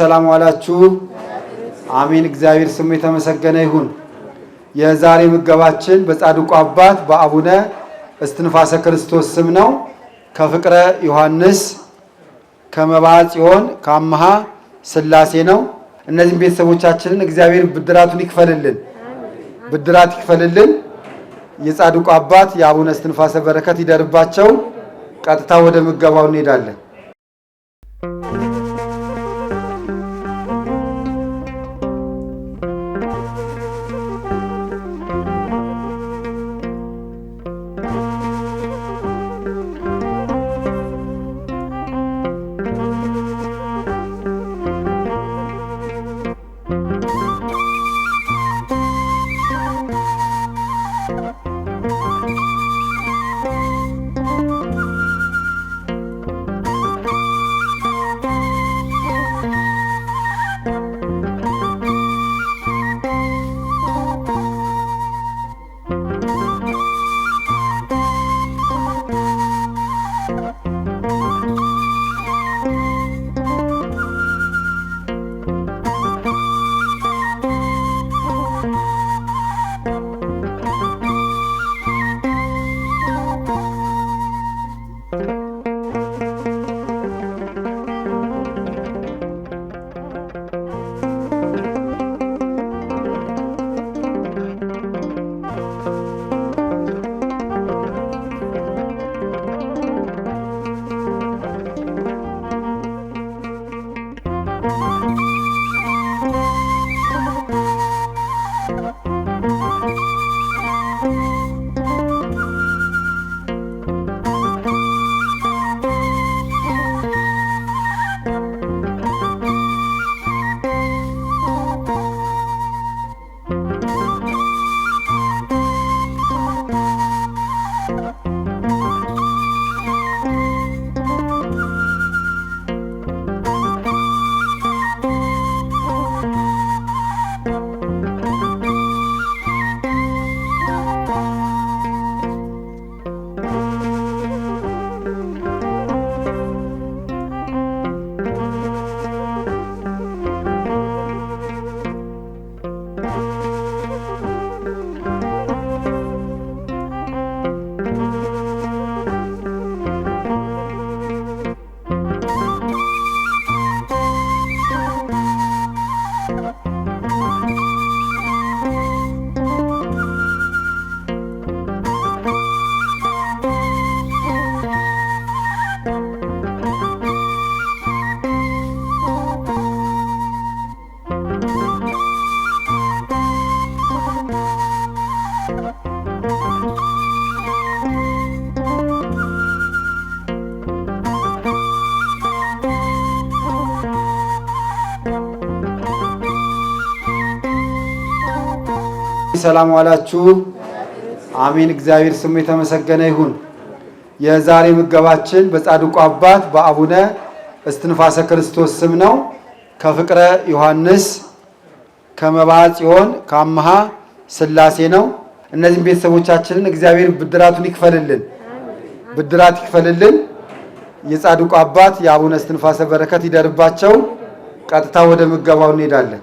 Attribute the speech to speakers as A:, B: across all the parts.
A: ሰላም ዋላችሁ። አሜን። እግዚአብሔር ስሙ የተመሰገነ ይሁን። የዛሬ ምገባችን በጻድቁ አባት በአቡነ እስትንፋሰ ክርስቶስ ስም ነው። ከፍቅረ ዮሐንስ ከመባ ጽዮን ከአምሃ ስላሴ ነው። እነዚህም ቤተሰቦቻችንን እግዚአብሔር ብድራቱን ይክፈልልን፣ ብድራት ይክፈልልን። የጻድቁ አባት የአቡነ እስትንፋሰ በረከት ይደርባቸው። ቀጥታ ወደ ምገባው እንሄዳለን። ሰላም ዋላችሁ። አሜን። እግዚአብሔር ስሙ የተመሰገነ ይሁን። የዛሬ ምገባችን በጻድቁ አባት በአቡነ እስትንፋሰ ክርስቶስ ስም ነው። ከፍቅረ ዮሐንስ ከመባዓ ጽዮን ከአምሃ ስላሴ ነው። እነዚህም ቤተሰቦቻችንን እግዚአብሔር ብድራቱን ይክፈልልን፣ ብድራት ይክፈልልን። የጻድቁ አባት የአቡነ እስትንፋሰ በረከት ይደርባቸው። ቀጥታ ወደ ምገባው እንሄዳለን።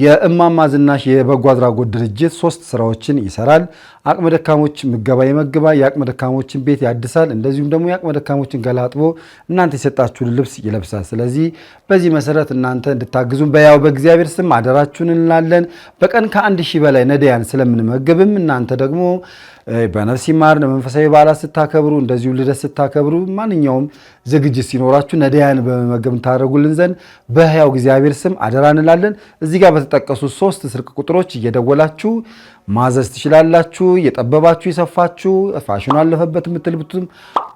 B: የእማማ ዝናሽ የበጎ አድራጎት ድርጅት ሶስት ስራዎችን ይሰራል። አቅመ ደካሞች ምገባ ይመግባል፣ የአቅመ ደካሞችን ቤት ያድሳል፣ እንደዚሁም ደግሞ የአቅመ ደካሞችን ገላጥቦ እናንተ የሰጣችሁን ልብስ ይለብሳል። ስለዚህ በዚህ መሰረት እናንተ እንድታግዙን በያው በእግዚአብሔር ስም አደራችሁን እንላለን። በቀን ከአንድ ሺህ በላይ ነዳያን ስለምንመገብም እናንተ ደግሞ በነፍስ ይማር መንፈሳዊ በዓላት ስታከብሩ፣ እንደዚሁ ልደት ስታከብሩ፣ ማንኛውም ዝግጅት ሲኖራችሁ ነዳያን በመመገብ ታደረጉልን ዘንድ በህያው እግዚአብሔር ስም አደራ እንላለን እዚህ ጋር በተጠቀሱት ሶስት ስልክ ቁጥሮች እየደወላችሁ ማዘዝ ትችላላችሁ። እየጠበባችሁ የሰፋችሁ ፋሽኑ አለፈበት የምትልብቱም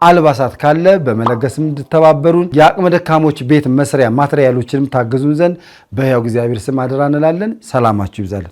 B: አልባሳት ካለ በመለገስ እንድተባበሩን የአቅመ ደካሞች ቤት መስሪያ ማትሪያሎችንም ታግዙን ዘንድ በሕያው እግዚአብሔር ስም አደራ እንላለን። ሰላማችሁ ይብዛል።